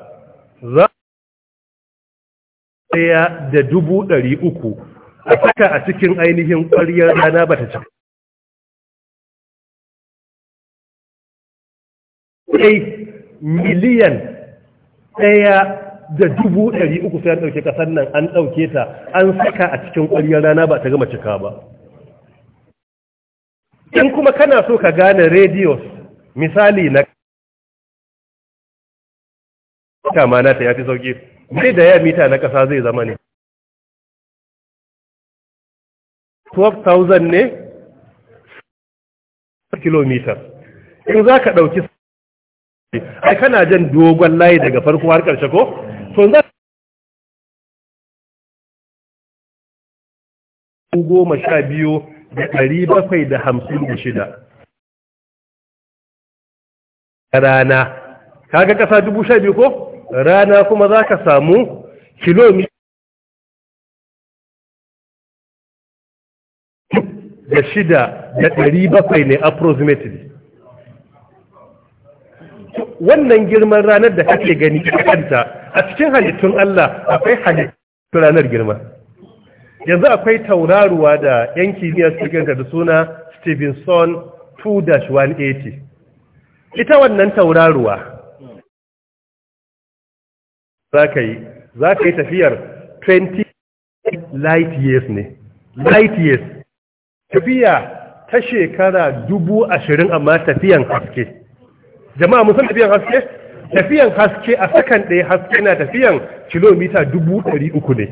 Speaker 2: za ɗaya da dubu ɗari uku a saka a cikin ainihin ƙwariyar rana ba ta ci miliyan ɗaya da dubu ɗari uku sai an ɗauke ƙasar nan an ɗauke ta an saka a cikin ƙwariyar rana ba ta gama cika ba in kuma kana so ka gane radiyos, misali na mita ma na ta yafi sauki sai da ya mita na ƙasa zai zama ne 12,000 ne kilomita in za ka ɗauki ai kana jan dogon layi daga farko har ƙarshe ko? to za goma sha biyu da ɗari bakwai da hamsin da shida rana kaga ƙasa dubu sha biyu ko? rana kuma za ka samu kilomita da shida da ɗari bakwai ne approximately wannan girman ranar da kake gani
Speaker 1: a kanta a cikin halittun Allah akwai halittun ranar girma yanzu akwai tauraruwa da yan kimiyya su ganta da suna stevenson
Speaker 2: 2-180 ita wannan tauraruwa za ka yi za ka yi tafiyar 20 light
Speaker 1: years ne light years tafiya ta shekara dubu ashirin amma tafiyan haske jama'a musan tafiyan haske tafiyan haske a sakan ɗaya haske na tafiyan kilomita dubu ɗari uku ne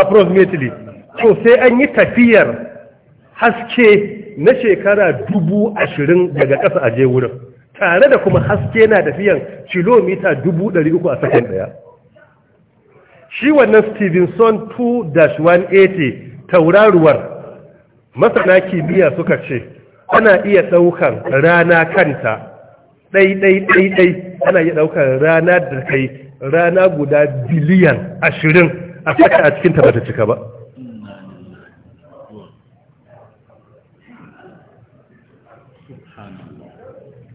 Speaker 1: approximately to sai an yi tafiyar haske na shekara dubu ashirin daga ƙasa a je wurin tare da kuma haske na tafiyan kilomita 300 a sakan daya shi wannan stevenson 2-180 tauraruwar masana kimiyya suka ce ana iya ɗaukan rana kanta ɗai-ɗai-ɗai ana iya ɗaukan rana da kai rana guda biliyan ashirin a saka a cikin ta bata cika ba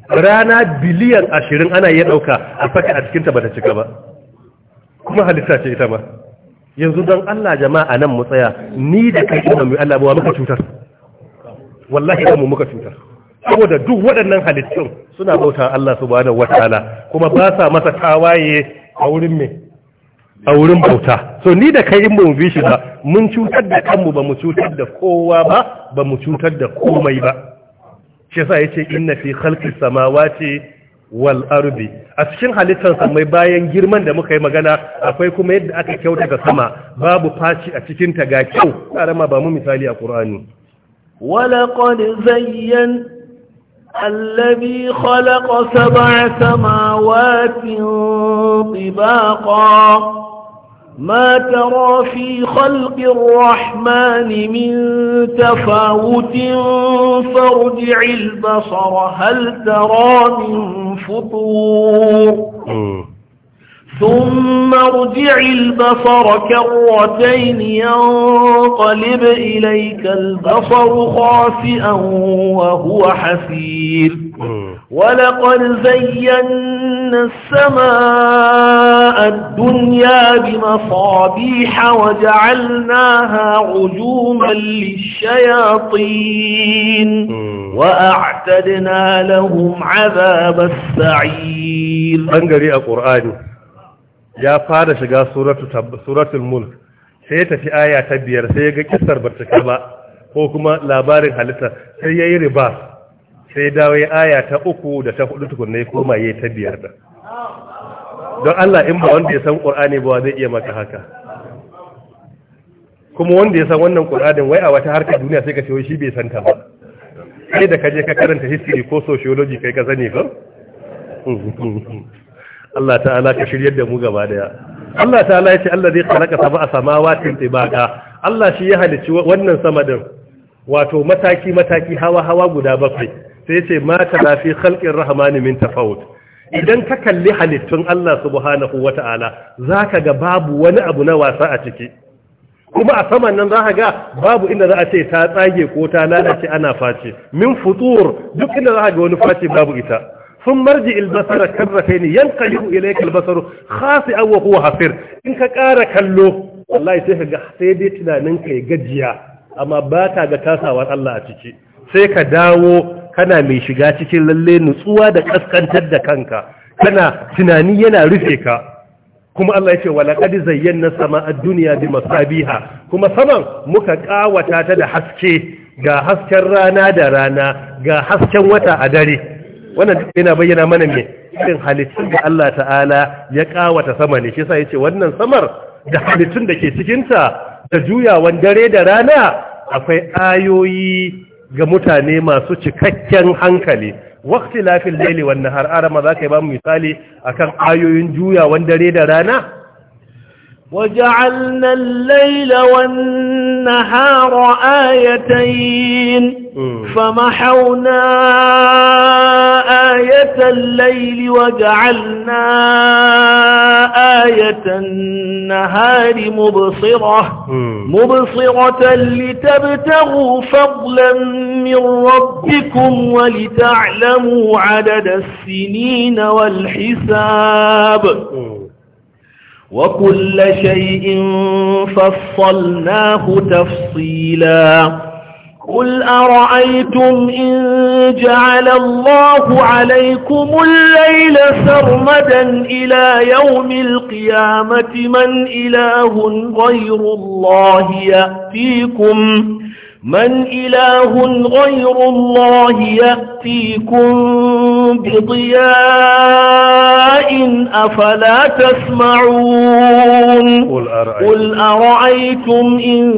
Speaker 1: rana biliyan ashirin ana iya ɗauka a saka a cikinta ba ta cika ba kuma halitta ce ita ma yanzu don Allah jama'a nan mu tsaya ni da kai ina mai Allah ba muka cutar wallahi ba mu muka cutar saboda duk waɗannan halittun suna bauta Allah subhanahu wataala kuma ba sa masa tawaye a wurin me a wurin bauta so ni da kai in mu bi shi ba mun cutar da kanmu ba mu cutar da kowa ba ba mu cutar da komai ba shi yasa yace inna fi khalqis samawati wal ardi a cikin halittar samai bayan girman da muka yi magana akwai kuma yadda aka kyautata sama babu faci a cikin ta ga kyau karama ba mu misali a qur'ani
Speaker 3: ولقد زين الذي خلق سبع سماوات طباقا ما ترى في خلق الرحمن من تفاوت فارجع البصر هل ترى من فطور ثم ارجع البصر كرتين ينقلب إليك البصر خاسئا وهو حسير ولقد زينا السماء الدنيا بمصابيح وجعلناها عجوما للشياطين وأعتدنا لهم عذاب السعير أنقري
Speaker 1: القرآن يا فارس قال سورة, سورة الملك في آية تبير سيجي كسر برتكبا لا بارك حالتها سيجي رباس sai dawo ya aya ta uku da ta hudu tukunna ya koma ya ta biyar da
Speaker 2: don Allah in ba wanda ya san Qur'ani
Speaker 1: ba zai iya maka haka kuma wanda ya san wannan ƙur'anin, wai a wata harkar duniya sai ka ce wai shi bai san ta ba sai da ka je ka karanta history ko sociology kai ka sani ba. Allah ta'ala ka shiryar da mu gaba daya Allah ta'ala ya ce Allah zai khalaqa sab'a samawati tibaqa Allah shi ya halicci wannan sama din wato mataki mataki hawa hawa guda bakwai sai ce mata na fi rahama rahmani min tafawut idan ka kalli halittun Allah subhanahu wata'ala zaka ga babu wani abu na wasa a ciki kuma a saman nan za ga babu inda za a ce ta tsage ko ta lalace ana face min futur duk inda za ga wani face babu ita sun marji ilbasara karrafaini yanqalibu ilayka albasaru khasi'an wa huwa hasir in ka ƙara kallo wallahi sai ka ga sai dai tunanin ka ya gajiya amma ba ta ga tasawar Allah a ciki sai ka dawo kana mai shiga cikin lalle nutsuwa da kaskantar da kanka kana tunani yana rufe ka kuma Allah ya ce wa laqad zayyana sama a dunya bi kuma saman muka ƙawata ta da haske ga hasken rana da rana ga hasken wata a dare wannan yana bayyana mana me irin halittun da Allah ta'ala ya ƙawata sama ne shi yasa yace wannan samar da halittun da ke cikinta da juyawan dare da rana akwai ayoyi ga mutane masu cikakken hankali wakti lafin laili wanne har arama zaka ba mu misali akan ayoyin juyawan dare da rana
Speaker 3: وجعلنا الليل والنهار آيتين فمحونا آية الليل وجعلنا آية النهار مبصرة مبصرة لتبتغوا فضلا من ربكم ولتعلموا عدد السنين والحساب وكل شيء فصلناه تفصيلا قل أرأيتم إن جعل الله عليكم الليل سرمدا إلى يوم القيامة من إله غير الله يأتيكم من إله غير الله يأتيكم بضياء أفلا تسمعون قل أرأيتم, إن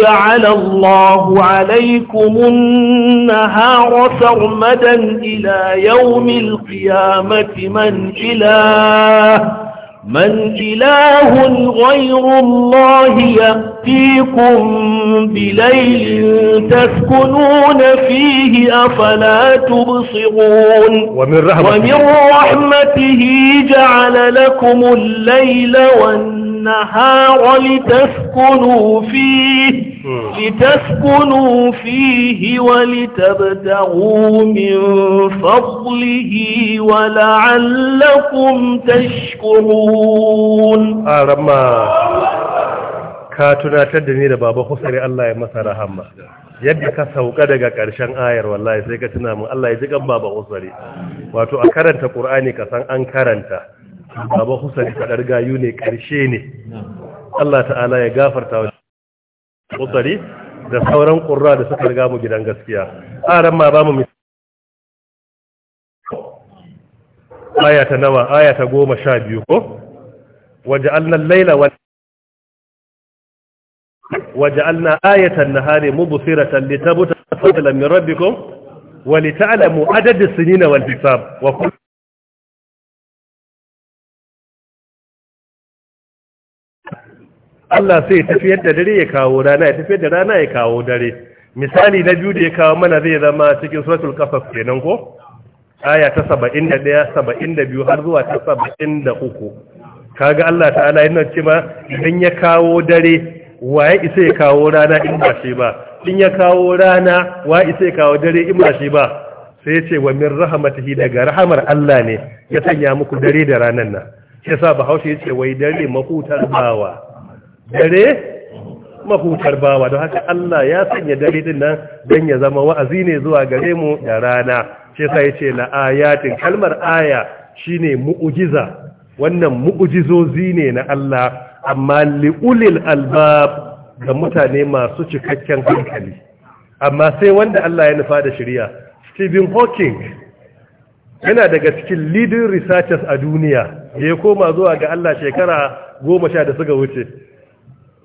Speaker 3: جعل الله عليكم النهار سرمدا إلى يوم القيامة من إله من إله غير الله يأتيكم بليل تسكنون فيه أفلا تبصرون ومن رحمته, ومن رحمته جعل لكم الليل والنهار النهار لتسكنوا فيه لتسكنوا فيه ولتبتغوا من فضله ولعلكم تشكرون
Speaker 1: أرما ka tunatar da ni da baba Husari Allah ya masa rahama yadda ka sauka daga ƙarshen ayar wallahi sai ka tuna mun Allah ya ji kan baba Husari wato a karanta Qur'ani ka san an karanta baba Hussein fadar gayu ne karshe ne Allah ta'ala ya gafarta wa Hussein da sauran qurra da suka riga mu gidan gaskiya aran ma ba mu
Speaker 2: aya ta nawa aya ta goma sha biyu ko waja'alna al-laila wal
Speaker 1: وجعلنا آية النهار مبصرة لتبت فضلا من ربكم
Speaker 2: ولتعلموا عدد السنين wa وكل Allah sai ya tafiyar da dare ya kawo
Speaker 1: rana ya tafiyar da rana ya kawo dare misali na biyu da ya kawo mana zai zama cikin suratul qasas kenan ko aya ta 71 72 har zuwa ta 73 kaga Allah ta'ala yana cewa idan ya kawo dare waye isa ya kawo rana in ba shi ba in ya kawo rana waye isa ya kawo dare in ba shi ba sai ya ce wa min rahmatihi daga rahamar Allah ne ya sanya muku dare da ranan nan sa bahaushe ya ce wai dare mafutar bawa dare mahutar bawa don haka Allah ya sanya dare din nan don ya zama wa'azi ne zuwa gare mu da rana shi sai ce na ayatin kalmar aya shine mu'ujiza wannan mu'ujizozi ne na Allah amma liulil albab ga mutane masu cikakken hankali amma sai wanda Allah ya nufa da shirya Stephen Hawking yana daga cikin leading researchers a duniya da ya koma zuwa ga Allah shekara goma sha da suka wuce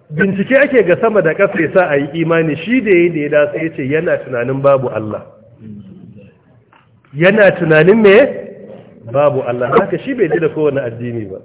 Speaker 1: bincike ake ga sama da ƙasa ya sa a yi imani shi da ya da ya ya ce yana tunanin babu Allah yana tunanin me babu Allah haka shi bai ji da kowane addini ba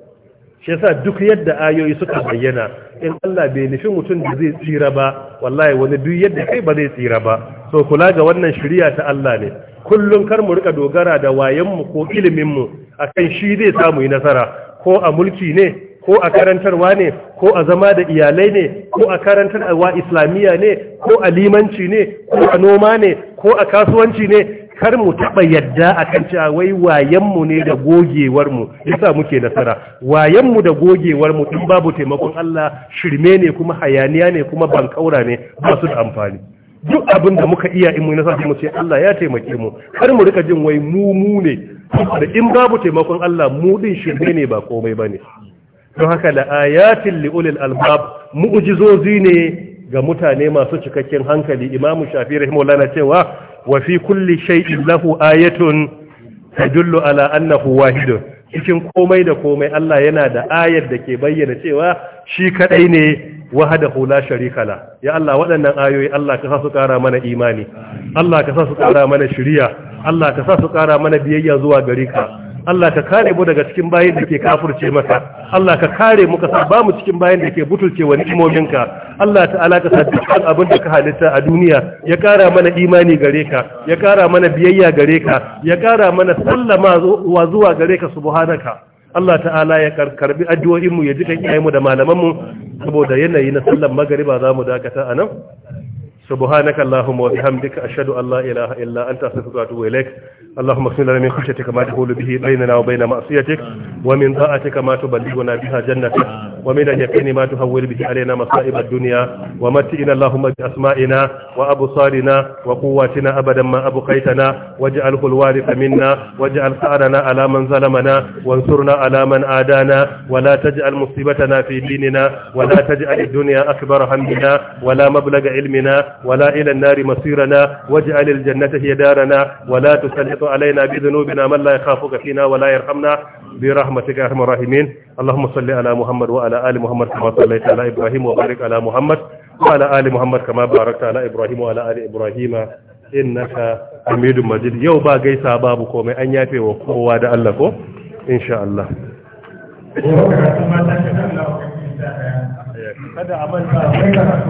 Speaker 1: shi yasa duk yadda ayoyi suka bayyana in Allah bai nufi mutum da zai tsira ba wallahi wani duk yadda kai ba zai tsira ba so kula ga wannan shari'a ta Allah ne kullum kar mu rika dogara da wayen mu ko ilimin mu akan shi zai samu yi nasara ko a mulki ne ko a karantarwa ne ko a zama da iyalai ne ko a karantarwa islamiyya ne ko a limanci ne ko a noma ne ko a kasuwanci ne kar mu taɓa yadda a kan cewa wai wayanmu ne da gogewar mu yasa muke nasara wayenmu da gogewar mu, in babu taimakon Allah shirme ne kuma hayaniya ne kuma bankaura ne ba su da amfani duk abin da muka iya in mu nasara mu ce Allah ya taimake mu kar mu rika jin wai mu mu ne in babu taimakon Allah mu din shirme ne ba komai bane don haka da ayatin li'ulil albab mu'jizozi ne ga mutane masu cikakken hankali imamu shafi rahimahullah na cewa wa fi kulli shay'in lahu ayatun tadullu ala annahu wahid cikin komai da komai Allah yana da ayar da ke bayyana cewa shi kadai ne wahdahu la sharika la ya Allah waɗannan ayoyi Allah ka sa su ƙara mana imani Allah ka sa su ƙara mana shiriya Allah ka sa su ƙara mana biyayya zuwa gare ka Allah ka kare mu daga cikin bayin da ke kafurce maka Allah ka kare mu ka sa ba mu cikin bayin da ke butulce wa ni'imominka Allah ta'ala ka sa dukkan abin da ka halitta a duniya ya kara mana imani gare ka ya kara mana biyayya gare ka ya kara mana sallama wa zuwa gare ka subhanaka Allah ta'ala ya karbi addu'o'in mu ya ji kan mu da malaman mu saboda yanayi na sallan magriba za mu dakata anan subhanaka allahumma wa bihamdika ashhadu an la ilaha illa anta astaghfiruka wa atubu ilaik اللهم اغفر لنا من خشيتك ما تحول به بيننا وبين معصيتك ومن طاعتك ما تبلغنا بها جنتك ومن اليقين ما تهول به علينا مصائب الدنيا ومتئنا اللهم بأسمائنا وأبصارنا وقواتنا أبدا ما أبقيتنا واجعله الوارث منا واجعل ثأرنا على من ظلمنا وانصرنا على من عادانا ولا تجعل مصيبتنا في ديننا ولا تجعل الدنيا أكبر همنا ولا مبلغ علمنا ولا إلى النار مصيرنا واجعل الجنة هي دارنا ولا تسلط علينا بذنوبنا من لا يخافك فينا ولا يرحمنا برحمتك يا ارحم الراحمين اللهم صل على محمد وعلى ال محمد كما صليت على ابراهيم وبارك على محمد وعلى ال محمد كما باركت على ابراهيم وعلى ال ابراهيم innaka hamidun majid yau ba gaisa babu komai an yafe wa kowa da Allah ko insha Allah kada a manta